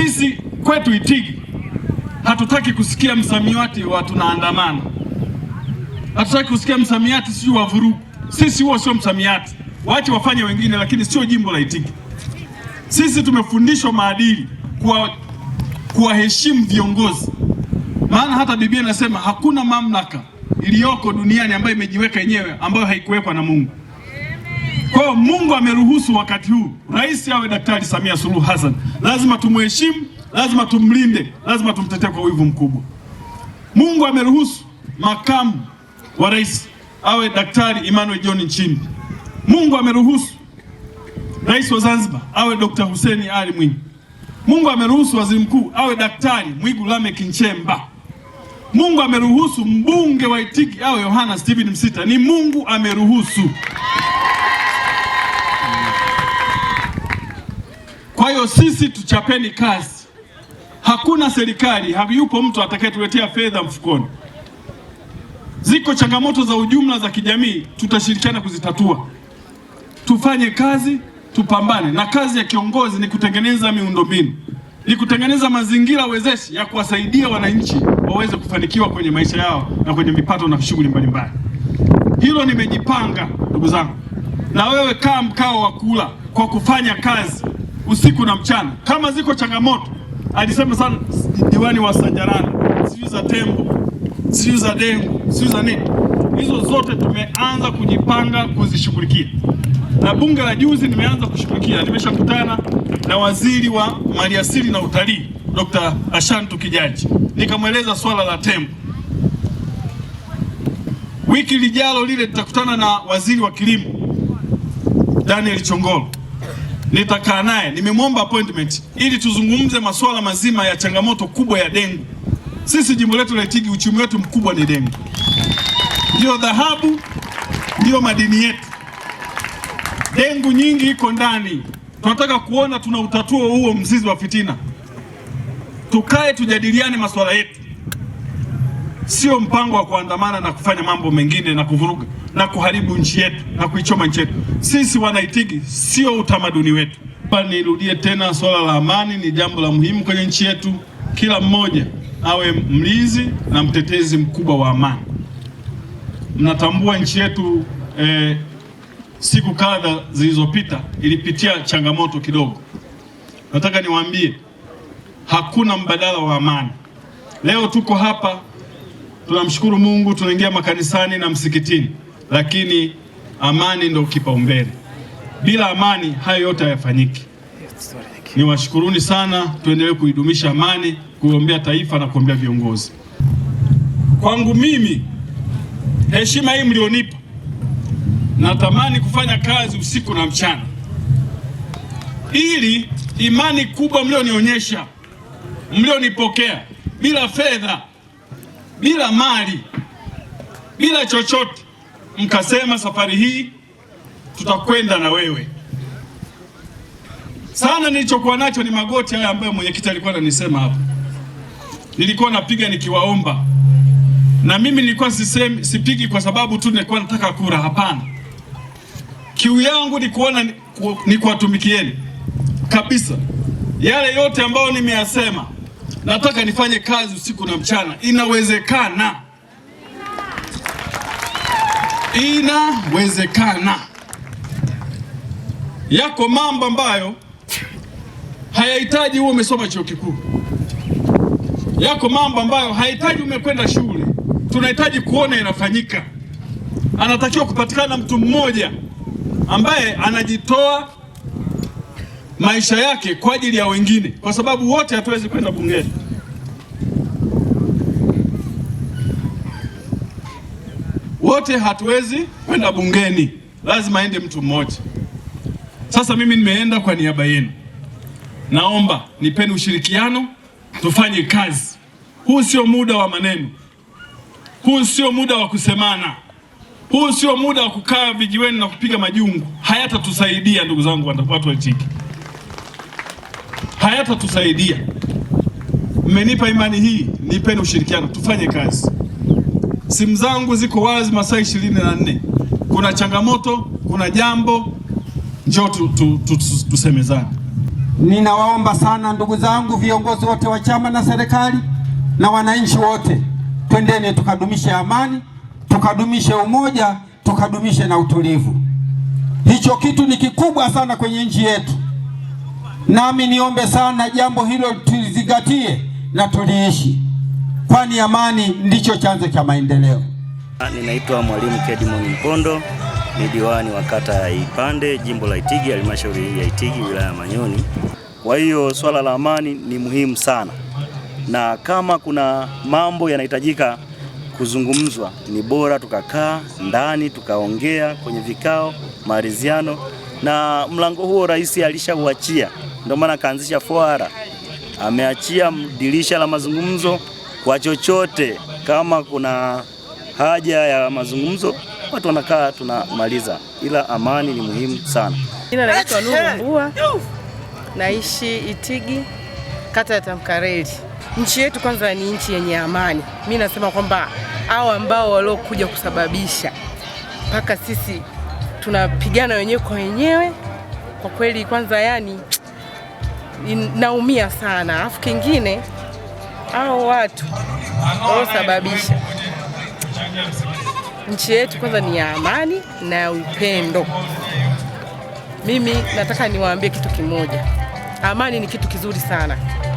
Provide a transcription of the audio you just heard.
Sisi kwetu Itigi hatutaki kusikia msamiati wa tunaandamana, hatutaki kusikia msamiati sio wa vurugu. Sisi huo sio msamiati, waache wafanye wengine, lakini sio jimbo la Itigi. Sisi tumefundishwa maadili, kuwaheshimu viongozi, maana hata Biblia inasema hakuna mamlaka iliyoko duniani ambayo imejiweka yenyewe ambayo haikuwekwa na Mungu. Kwa hiyo Mungu ameruhusu wakati huu rais awe Daktari Samia Suluhu Hassan lazima tumheshimu, lazima tumlinde, lazima tumtetee kwa wivu mkubwa. Mungu ameruhusu makamu wa rais awe Daktari Emmanuel John Nchimbi. Mungu ameruhusu rais wa Zanzibar awe Dr. Hussein Ali Mwinyi. Mungu ameruhusu waziri mkuu awe Daktari Mwigulu Lameck Nchemba. Mungu ameruhusu mbunge wa Itigi awe Yohana Steven Msita. Ni Mungu ameruhusu. hiyo sisi tuchapeni kazi, hakuna serikali, hayupo mtu atakayetuletea fedha mfukoni. Ziko changamoto za ujumla za kijamii, tutashirikiana kuzitatua. Tufanye kazi, tupambane, na kazi ya kiongozi ni kutengeneza miundombinu, ni kutengeneza mazingira wezeshi ya kuwasaidia wananchi waweze kufanikiwa kwenye maisha yao na kwenye mipato na shughuli mbalimbali. Hilo nimejipanga, ndugu zangu, na wewe kaa mkao wa kula kwa kufanya kazi usiku na mchana. Kama ziko changamoto, alisema sana diwani wa Sanjarani, siu za tembo, siu za dengu, siu za nini, hizo zote tumeanza kujipanga kuzishughulikia, na bunge la juzi nimeanza kushughulikia, nimeshakutana na waziri wa maliasili na utalii Dr. Ashantu Kijaji, nikamweleza swala la tembo. Wiki lijalo lile nitakutana na waziri wa kilimo Daniel Chongolo nitakaa naye, nimemwomba appointment ili tuzungumze masuala mazima ya changamoto kubwa ya dengu. Sisi jimbo letu la Itigi, uchumi wetu mkubwa ni dengu, ndiyo dhahabu, ndiyo madini yetu. Dengu nyingi iko ndani, tunataka kuona tuna utatuo huo mzizi wa fitina, tukae tujadiliane masuala yetu sio mpango wa kuandamana na kufanya mambo mengine na kuvuruga na kuharibu nchi yetu na kuichoma nchi yetu. Sisi wanaitigi sio utamaduni wetu. Nirudie tena, swala la amani ni jambo la muhimu kwenye nchi yetu. Kila mmoja awe mlinzi na mtetezi mkubwa wa amani. Mnatambua nchi yetu eh, siku kadha zilizopita ilipitia changamoto kidogo. Nataka niwaambie hakuna mbadala wa amani. Leo tuko hapa tunamshukuru Mungu, tunaingia makanisani na msikitini, lakini amani ndio kipaumbele. Bila amani hayo yote hayafanyiki. Niwashukuruni sana, tuendelee kuidumisha amani, kuombea taifa na kuombea viongozi. Kwangu mimi, heshima hii mlionipa, natamani kufanya kazi usiku na mchana, ili imani kubwa mlionionyesha, mlionipokea bila fedha bila mali, bila chochote, mkasema safari hii tutakwenda na wewe sana. Nilichokuwa nacho ni magoti haya ambayo mwenyekiti alikuwa ananisema hapa, nilikuwa napiga nikiwaomba, na mimi nilikuwa sisemi, sipigi kwa sababu tu nilikuwa nataka kura, hapana. Kiu yangu ni kuona ni kuwatumikieni kabisa yale yote ambayo nimeyasema nataka nifanye kazi usiku na mchana. Inawezekana, inawezekana. Yako mambo ambayo hayahitaji huwe umesoma chuo kikuu, yako mambo ambayo hayahitaji umekwenda shule. Tunahitaji kuona inafanyika. Anatakiwa kupatikana mtu mmoja ambaye anajitoa maisha yake kwa ajili ya wengine, kwa sababu wote hatuwezi kwenda bungeni. Wote hatuwezi kwenda bungeni, lazima aende mtu mmoja. Sasa mimi nimeenda kwa niaba yenu, naomba nipeni ushirikiano, tufanye kazi. Huu sio muda wa maneno, huu sio muda wa kusemana, huu sio muda wa kukaa vijiweni na kupiga majungu. Hayatatusaidia ndugu zangu, watu wa Chiki tusaidia Mmenipa imani hii, nipeni ushirikiano, tufanye kazi. Simu zangu ziko wazi masaa ishirini na nne. Kuna changamoto, kuna jambo, njoo tusemezane. Ninawaomba sana ndugu zangu, viongozi wote wa chama na serikali na wananchi wote, twendeni tukadumishe amani, tukadumishe umoja, tukadumishe na utulivu. Hicho kitu ni kikubwa sana kwenye nchi yetu. Nami niombe sana jambo hilo tulizingatie na tuliishi, kwani amani ndicho chanzo cha maendeleo. Ninaitwa Mwalimu Kedmon Mpondo, ni diwani wa kata ya Ipande, jimbo la Itigi, halmashauri ya Itigi, wilaya ya Manyoni. Kwa hiyo swala la amani ni muhimu sana, na kama kuna mambo yanahitajika kuzungumzwa, ni bora tukakaa ndani tukaongea kwenye vikao, maridhiano, na mlango huo rais alishauachia ndio maana akaanzisha foara, ameachia dirisha la mazungumzo kwa chochote. Kama kuna haja ya mazungumzo, watu wanakaa tunamaliza, ila amani ni muhimu sana. Jina naitwa Nuru Mbua, naishi Itigi, kata ya Tamkareli. Nchi yetu kwanza ni nchi yenye amani. Mi nasema kwamba hao ambao waliokuja kusababisha mpaka sisi tunapigana wenyewe kwa wenyewe, kwa kweli kwanza, yani naumia sana. Afu kingine hao watu waosababisha nchi yetu kwanza ni ya amani na ya upendo. Mimi nataka niwaambie kitu kimoja, amani ni kitu kizuri sana.